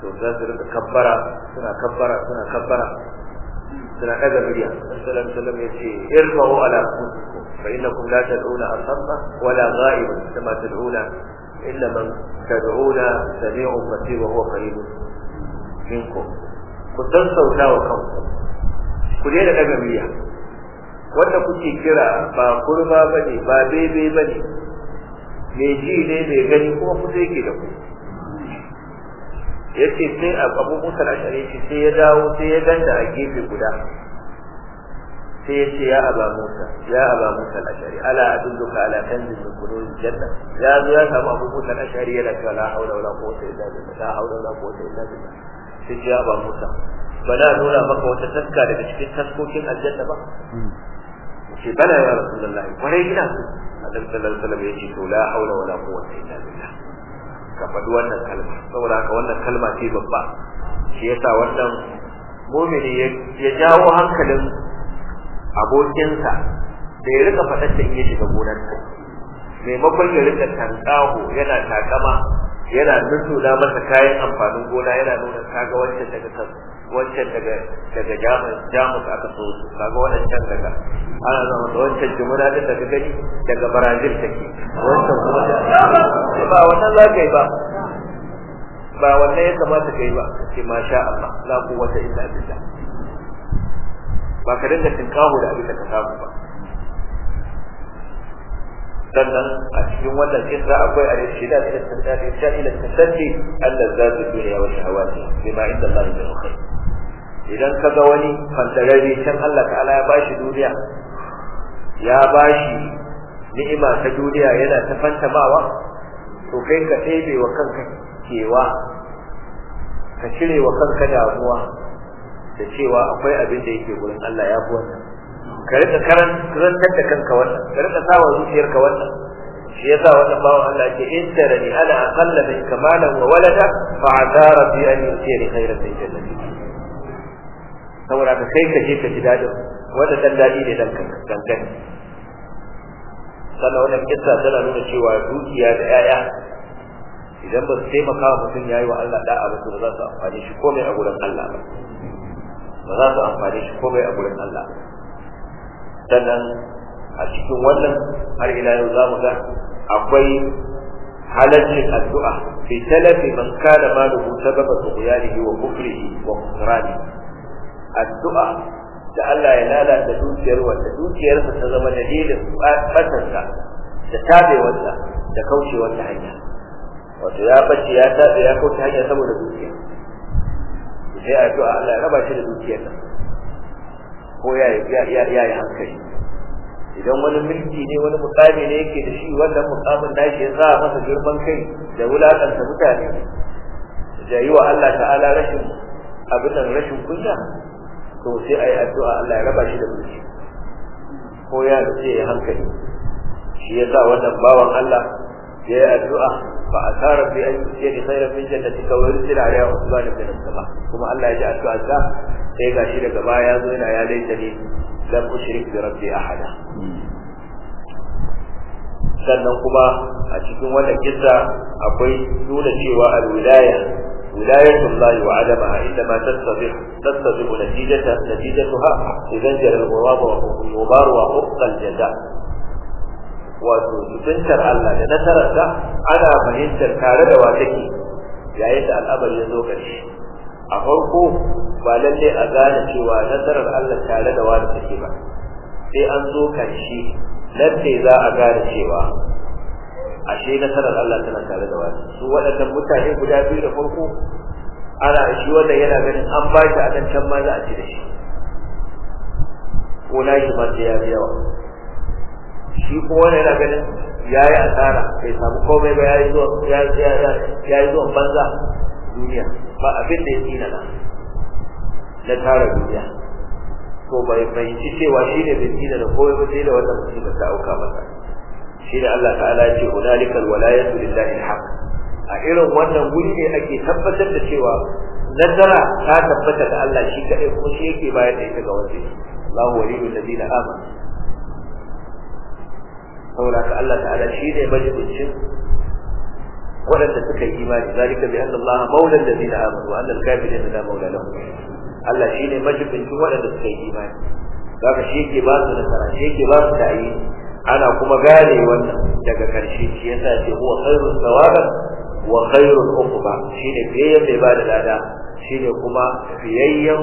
to za su rika kabbara suna kabbara suna kabbara suna daga miliya sallallahu alaihi wasallam yace irfa'u ala anfusikum fa innakum la tad'una asamma wala ghaiban kama tad'una illa man tad'una sami'un basir wa huwa qaribun minkum ku dan sauta wa kanku ku daina daga miliya wanda kuke kira ba kurma bane ba bebe bane mai ji ne mai gani kuma kusa yake da ku yace sai abu musa al-ashari ce sai ya dawo sai ya ganta a gefe guda sai ya ya aba musa ya aba musa al-ashari ala adulluka ala kanzin min kunuzil janna ya zo ya samu abu musa al-ashari yana cewa la haula wala quwwata illa billah la haula wala quwwata illa billah sai ya aba musa bana nuna maka wata taska daga cikin taskokin aljanna ba ce bana ya rasulullahi kwarai ina so annabi sallallahu alaihi wasallam ya ce to la haula wala quwwata illa billah ka faɗi wannan kalma saboda haka wannan kalma ce babba shi yasa wannan mumini ya jawo hankalin abokinsa da ya rika faɗar da iya shiga gonarsa maimakon ya rika tanƙaho yana takama yana nuna masa kayan amfanin gona yana nuna kaga wancan daga kansa wancan daga daga jamus aka so su kaga wadancan daga ana zama da wancan jumura din daga gani daga brazil take wancan kuma ba wannan za ka yi ba ba wannan ya kamata ka yi ba ce masha Allah la quwwata illa billah ba ka dinga tinkaho da abin da ka samu ba sannan a cikin wannan kisa akwai al-irshad ila al-irshad ila al-tasaddi ta dunya wa shahawati bima inda Allah min khair idan ka ga wani fantararre can Allah ta'ala ya bashi duniya ya bashi ni'ima ta duniya yana ta fantamawa to kai ka ɗebe wa kanka cewa ka cire wa kanka damuwa da cewa akwai abin da yake gurin Allah ya fi wannan ka rika karantar da kanka wannan ka rika sawa zuciyarka wannan shi sa wannan bawan Allah ke in tarani ana aqalla min kamalan wa walada fa azara bi an yutiri khairan min jannati saboda ka kai ka je ka ji dadin wanda dan dadi ne dan kankan sannan wannan kissa tana nuna cewa dukiya da yaya idan ba su taimaka wa mutum yayi wa Allah da'a ba to za su amfani shi komai a gurin Allah ba ba za su amfani shi komai a gurin Allah sannan a cikin wannan har ila yau za mu ga akwai halaccin addu'a fi talafi man kana maluhu sababa tughyanihi wa kufrihi wa khusranihi addu'a da Allah ya lalata dukiyar wanda dukiyarsa ta zama dalilin matarsa da tabewarsa da kaucewar ta hanya wato ya bace ya tabe ya kauce hanya saboda dukiya sai addu'a Allah ya raba shi da dukiyarsa ko ya ya ya ya hankali idan wani mulki ne wani mukami ne yake da shi wannan mukamin da shi za a masa girman kai da wulakanta mutane da yi wa Allah ta'ala rashin abin rashin kunya to sai a yi addu'a Allah ya raba shi da zuci ko ya zuci ya hankali shi ya sa wannan bawan Allah ya yi addu'a Ba a tara bi an yi da khairar min jannati ka wani sila a yawon da sama kuma Allah ya ji addu'a sa sai ga shi daga baya zo yana ya laita ne lam ushrik bi rabbi ahada sannan kuma a cikin wannan kissa akwai nuna cewa al-wilaya ولاية الله وعدمها عندما تتضح تتضح نتيجة نتيجتها تزنجر الغراب والغبار وحق الجزاء وتنكر الله لنترك على من ينكر كارد واتكي yayin da al'amari ya zo ƙarshe a farko ba lalle a gane cewa nasarar Allah tare da wani ba sai an zo ƙarshe lalle za a gane cewa ashe nasarar Allah tana tare da wani su waɗannan mutane guda biyu da farko ana shi wannan yana ganin an ba shi a can ma za a ci da shi ko na shi ma sai ya fi yawa shi ko wannan yana ganin ya yi asara bai samu komai ba ya yi zuwan banza duniya ba abin da ya tsina na na tara duniya to bai fahimci cewa shi ne bai tsina da komai ba sai da wannan musulmi ta auka masa shi da Allah ta'ala ya ce hunalikal walayatu lillahi alhaq a irin wannan guri ne ake tabbatar da cewa nazara ta tabbata da Allah shi kadai kuma shi yake bayar da ita ga wanda Allahu waliyul ladina amanu saboda ka Allah ta'ala shi ne majibincin waɗanda suka yi imani zalika bi anna Allah maulal ladina amanu wa anna al-kafirin la maula lahum Allah shi ne majibincin waɗanda suka yi imani zaka shi yake ba su nasara shi yake ba su ta'ayi ana kuma gane wannan daga karshe shi yasa ce huwa khairus thawaban wa khairul uqba shine biyayyen mai bada lada shine kuma biyayyen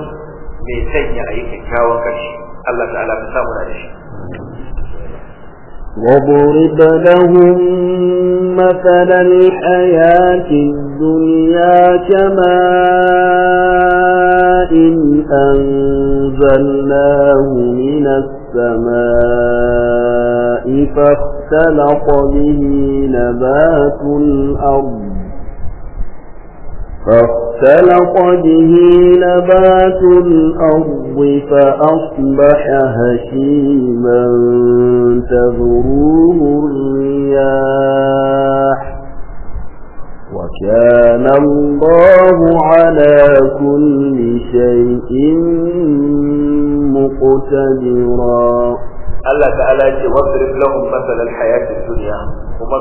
mai sanya ayi kyakkyawan karshe Allah ta'ala ya samu da shi وضرب لهم مثل الحياة الدنيا كماء أنزلناه من السماء فاختلط به نبات الأرض فاختلط به نبات الأرض فأصبح هشيما تذروه الرياح وكان الله على كل شيء مقتدرا Allah ta'ala ce wasrif lahum masal al-hayat ad-dunya kuma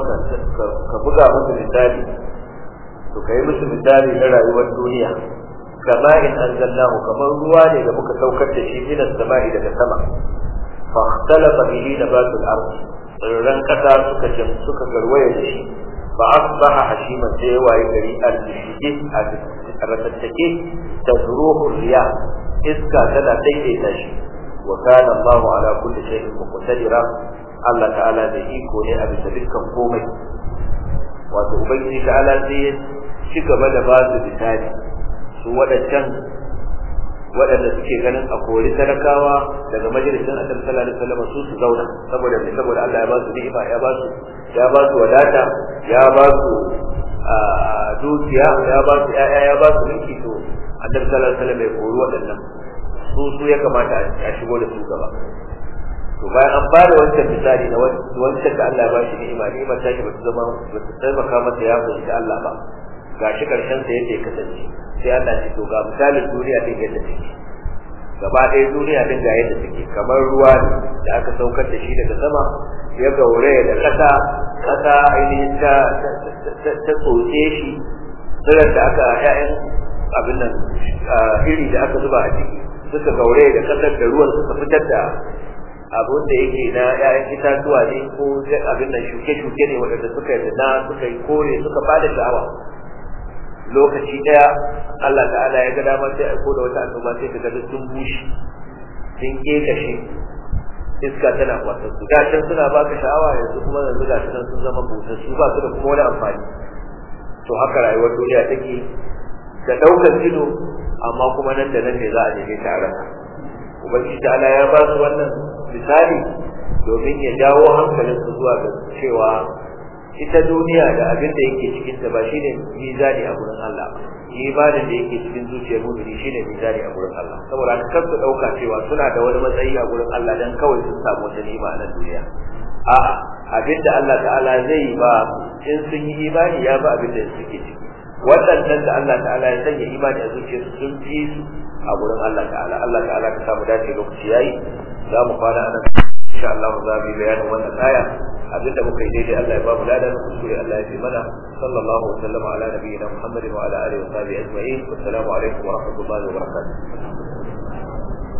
ka buga musu misali to kai musu misali na rayuwar duniya kama in anzalnahu kamar ruwa ne da muka saukar da shi minas sama'i daga sama fa ikhtalafa bihi nabatul ard tsirran kasa suka jam suka garwaya da shi fa asbaha hashiman sai ya waye gari al-shiki a ratattake da ruhul riya iska tana daidaita shi wa kana Allahu ala kulli shay'in muqtadira Allah ta'ala da iko ne a bisa dukkan komai wato ubangiji ta'ala sai ya ci gaba da ba su misali su wadancan waɗanda suke ganin a kori talakawa daga majalisar annabi sallallahu alaihi wasallam su su zauna saboda me saboda Allah ya ba su ni'ima ya ba su ya ba su wadata ya ba su dukiya ya ba su ya ba su mulki to annabi sallallahu alaihi wasallam bai kori waɗannan su su ya kamata a shigo da su gaba to bayan an ba da wancan misali na wancan da Allah ba shi ni'ima ni'imar ta shi ba ta zama ba ta taimaka masa ya fahimci Allah ba ga shi karshen sa yadda ya kasance sai Allah ce to ga misalin duniya din yadda take gaba ɗaya duniya din ga yadda take kamar ruwa da aka saukar da shi daga sama ya gaure da ƙasa ƙasa ainihin ta ta tsotse shi tsirar da aka ƴaƴan abin nan iri da aka zuba a ciki suka gaure da kasar da ruwan suka fitar da abin da yake na ƴaƴan itatuwa ne ko abin nan shuke-shuke ne waɗanda suka yi na suka yi kore suka bada sha'awa lokaci daya Allah ta'ala ya ga damar sai aiko da wata annoba sai ka ga sun bushe sun kekashe iska tana kwasa su da can suna ka sha'awa yanzu kuma yanzu ga nan sun zama busassu su ba su da kuma wani amfani to haka rayuwar duniya take da daukar ido amma kuma nan da nan ne za a nemi taron ubangiji ta ala ya ba su wannan misali domin ya jawo hankalin su zuwa ga cewa ita duniya da abin da yake cikin ta ba shine mizani a gurin Allah imanin da yake cikin zuciyar mu'mini shine mizani a gurin Allah saboda haka kar su dauka cewa suna da wani matsayi a gurin Allah dan kawai sun samu wata nima a duniya a'a abinda Allah ta'ala zai ba in sun yi imani ya ba abinda suke ciki waɗannan da Allah ta'ala ya sanya imani a zuciyarsu sun fi su a gurin Allah ta'ala Allah ta'ala ka samu dace lokaci yayi za mu fara a nan insha Allah za mu yi bayanin wannan aya abinda muka yi daidai Allah ya ba mu ladan kuskure Allah ya fi mana sallallahu alaihi wa sallama ala nabiyina Muhammadin wa ala alihi wa sahbihi ajma'in assalamu alaikum wa rahmatullahi wa barakatuh